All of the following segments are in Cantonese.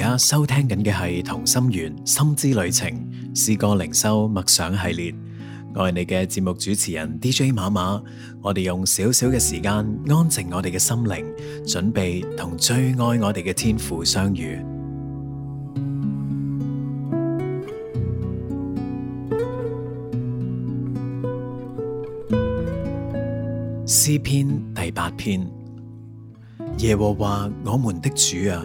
而家收聽緊嘅係同心圓，心之旅程，詩歌靈修默想系列。愛你嘅節目主持人 DJ 馬馬。我哋用少少嘅時間安靜我哋嘅心靈，準備同最愛我哋嘅天父相遇。 詩篇第八篇，耶和華我們的主啊！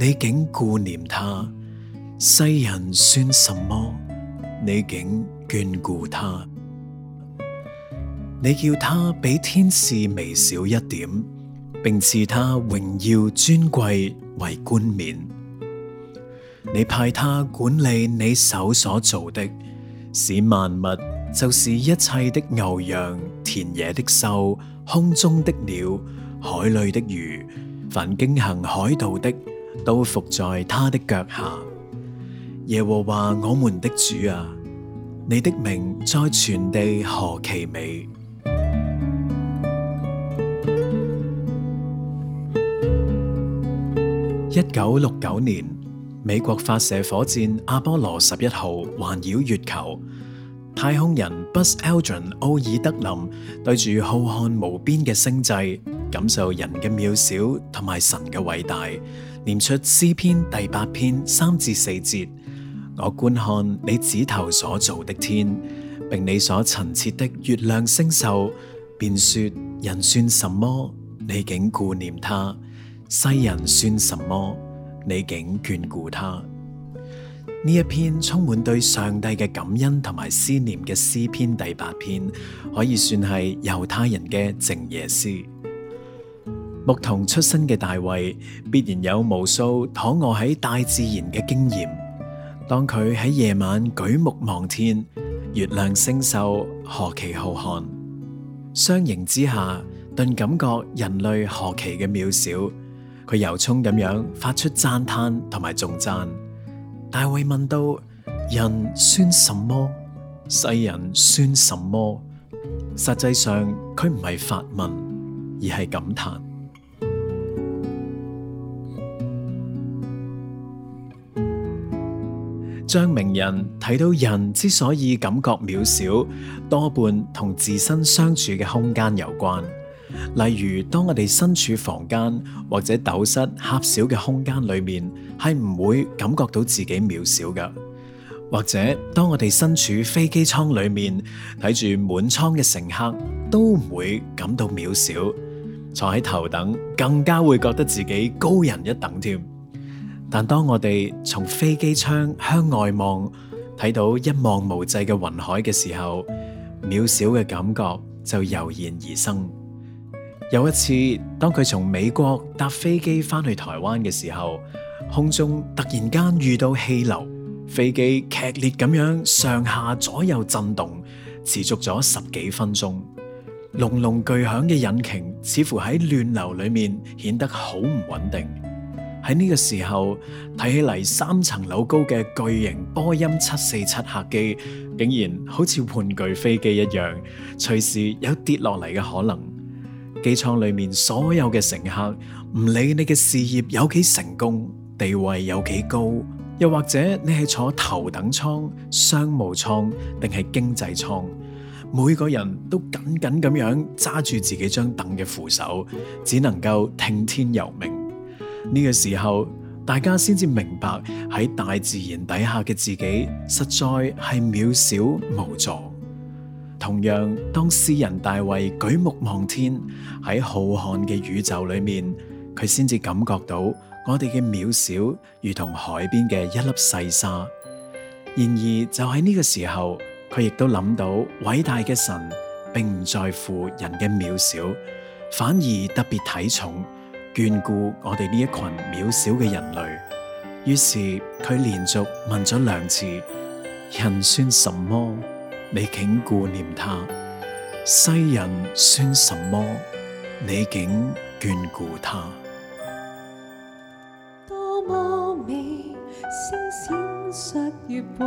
你竟顧念他，世人算什麼？你竟眷顧他？你叫他比天使微小一點，並賜他榮耀尊貴為冠冕。你派他管理你手所造的，使萬物，就是一切的牛羊、田野的獸、空中的鳥、海裏的魚，凡經行海道的，都伏在他的腳下。耶和華我們的主啊，你的名在全地何其美！一九六九年，美國發射火箭阿波羅十一號環繞月球，太空人 Buzz Aldrin 奧爾德林對住浩瀚無邊嘅星際，感受人嘅渺小同埋神嘅偉大。念出詩篇第八篇三至四節，我觀看你指頭所造的天，並你所陳設的月亮星宿，便說：人算什麼？你竟顧念他；世人算什麼？你竟眷顧他。呢一篇充滿對上帝嘅感恩同埋思念嘅詩篇第八篇，可以算係猶太人嘅靜夜詩。牧童出身嘅大衛，必然有無數躺臥喺大自然嘅經驗。當佢喺夜晚舉目望天，月亮星宿何其浩瀚，相形之下，頓感覺人類何其嘅渺小。佢由衷咁樣發出讚嘆，同埋頌讚。大衛問道：人算什麼？世人算什麼？實際上，佢唔係發問，而係感嘆。將名人睇到，人之所以感覺渺小，多半同自身相處嘅空間有關。例如，當我哋身處房間或者斗室狹小嘅空間裏面，係唔會感覺到自己渺小嘅；或者當我哋身處飛機艙裏面，睇住滿艙嘅乘客，都唔會感到渺小。坐喺頭等，更加會覺得自己高人一等添。但當我哋從飛機窗向外望，睇到一望無際嘅雲海嘅時候，渺小嘅感覺就油然而生。有一次，當佢從美國搭飛機返去台灣嘅時候，空中突然間遇到氣流，飛機劇烈咁樣上下左右震動，持續咗十幾分鐘，隆隆巨響嘅引擎似乎喺亂流裏面顯得好唔穩定。喺呢個時候睇起嚟，三層樓高嘅巨型波音七四七客機，竟然好似玩具飛機一樣，隨時有跌落嚟嘅可能。機艙裏面所有嘅乘客，唔理你嘅事業有幾成功，地位有幾高，又或者你係坐頭等艙、商務艙定係經濟艙，每個人都緊緊咁樣揸住自己張凳嘅扶手，只能夠聽天由命。呢個時候，大家先至明白喺大自然底下嘅自己，實在係渺小無助。同樣，當詩人大衛舉目望天，喺浩瀚嘅宇宙裏面，佢先至感覺到我哋嘅渺小，如同海邊嘅一粒細沙。然而，就喺呢個時候，佢亦都諗到偉大嘅神，並唔在乎人嘅渺小，反而特別睇重。眷顧我哋呢一群渺小嘅人類，於是佢連續問咗兩次：人算什麼？你竟顧念他；世人算什麼？你竟眷顧他。多麼美，星月、半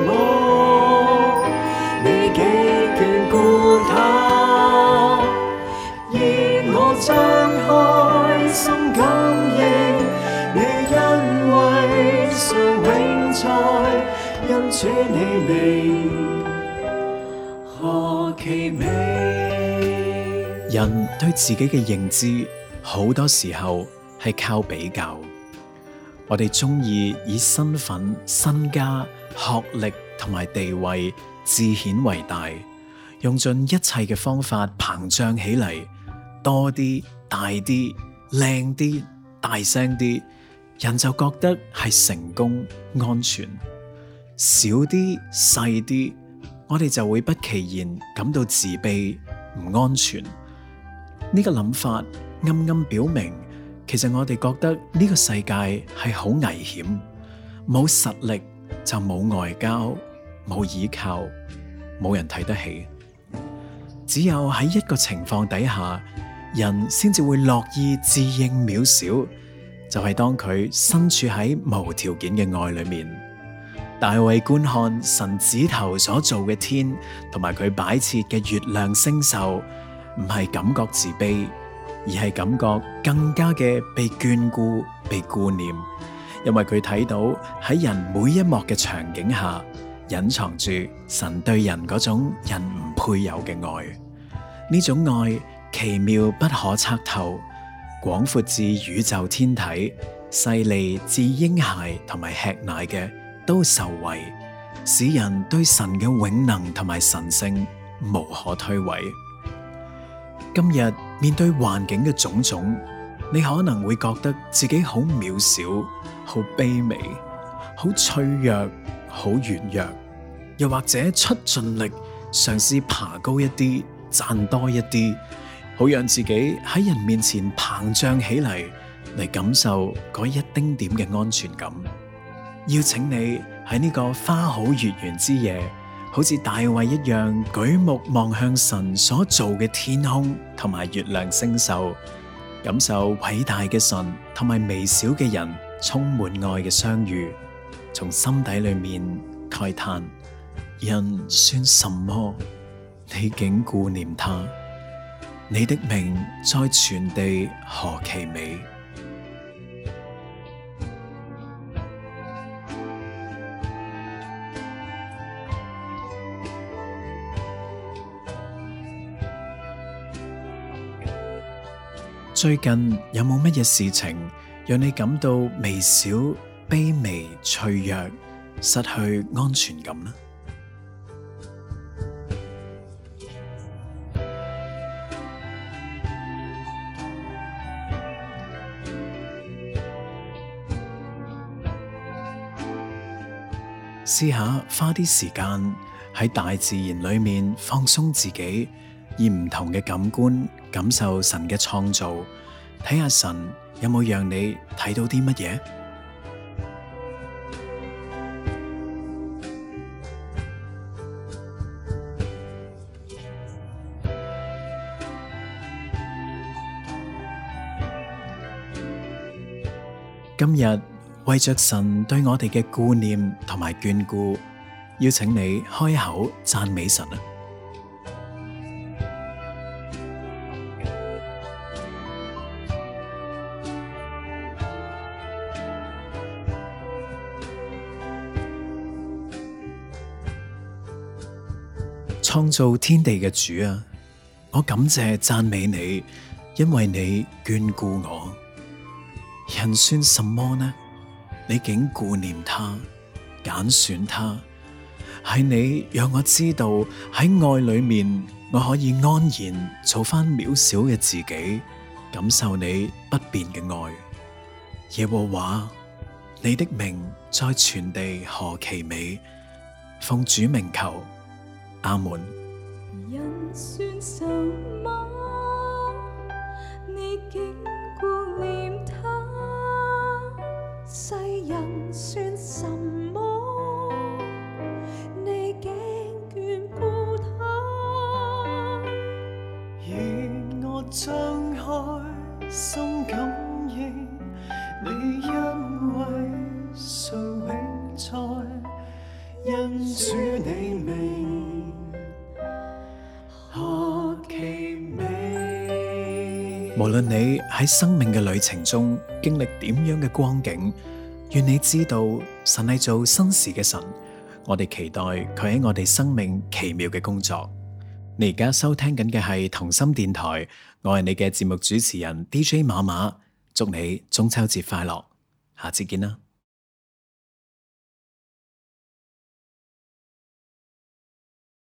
人對自己嘅認知，好多時候係靠比較。我哋中意以身份、身家、學歷同埋地位自顯為大，用盡一切嘅方法膨脹起嚟，多啲、大啲、靚啲、大聲啲，人就覺得係成功、安全。少啲細啲，我哋就會不其然感到自卑、唔安全。呢、這個諗法暗暗表明，其實我哋覺得呢個世界係好危險，冇實力就冇外交，冇依靠，冇人睇得起。只有喺一個情況底下，人先至會樂意自認渺小，就係、是、當佢身處喺無條件嘅愛裏面。大衛觀看神指頭所造嘅天，同埋佢擺設嘅月亮星宿，唔係感覺自卑，而係感覺更加嘅被眷顧、被顧念，因為佢睇到喺人每一幕嘅場景下，隱藏住神對人嗰種人唔配有嘅愛。呢種愛奇妙不可測透，廣闊至宇宙天體，細膩至嬰孩同埋吃奶嘅都受惠，使人對神嘅永能同埋神性無可推諉。今日面對環境嘅種種，你可能會覺得自己好渺小、好卑微、好脆弱、好軟弱，又或者出盡力嘗試爬高一啲、賺多一啲，好讓自己喺人面前膨脹起嚟，嚟感受嗰一丁點嘅安全感。邀請你喺呢個花好月圓之夜，好似大衛一樣舉目望向神所造嘅天空同埋月亮星宿，感受偉大嘅神同埋微小嘅人充滿愛嘅相遇，從心底裏面慨嘆：人算什麼？你竟顧念他？你的名在全地何其美！最近有冇乜嘢事情讓你感到微小、卑微、脆弱、失去安全感呢？試下花啲時間喺大自然裏面放鬆自己。以唔同嘅感官感受神嘅創造，睇下神有冇讓你睇到啲乜嘢？今日為着神對我哋嘅顧念同埋眷顧，邀請你開口讚美神啊！創造天地嘅主啊，我感謝讚美你，因為你眷顧我。人算什麼呢？你竟顧念他，揀選他，係你讓我知道喺愛裏面，我可以安然做翻渺小嘅自己，感受你不變嘅愛。耶和華，你的名在全地何其美！奉主名求。阿門。人算什麼你無論你喺生命嘅旅程中經歷點樣嘅光景，願你知道神係做新事嘅神。我哋期待佢喺我哋生命奇妙嘅工作。你而家收聽緊嘅係同心電台，我係你嘅節目主持人 DJ 馬馬，祝你中秋節快樂，下次見啦。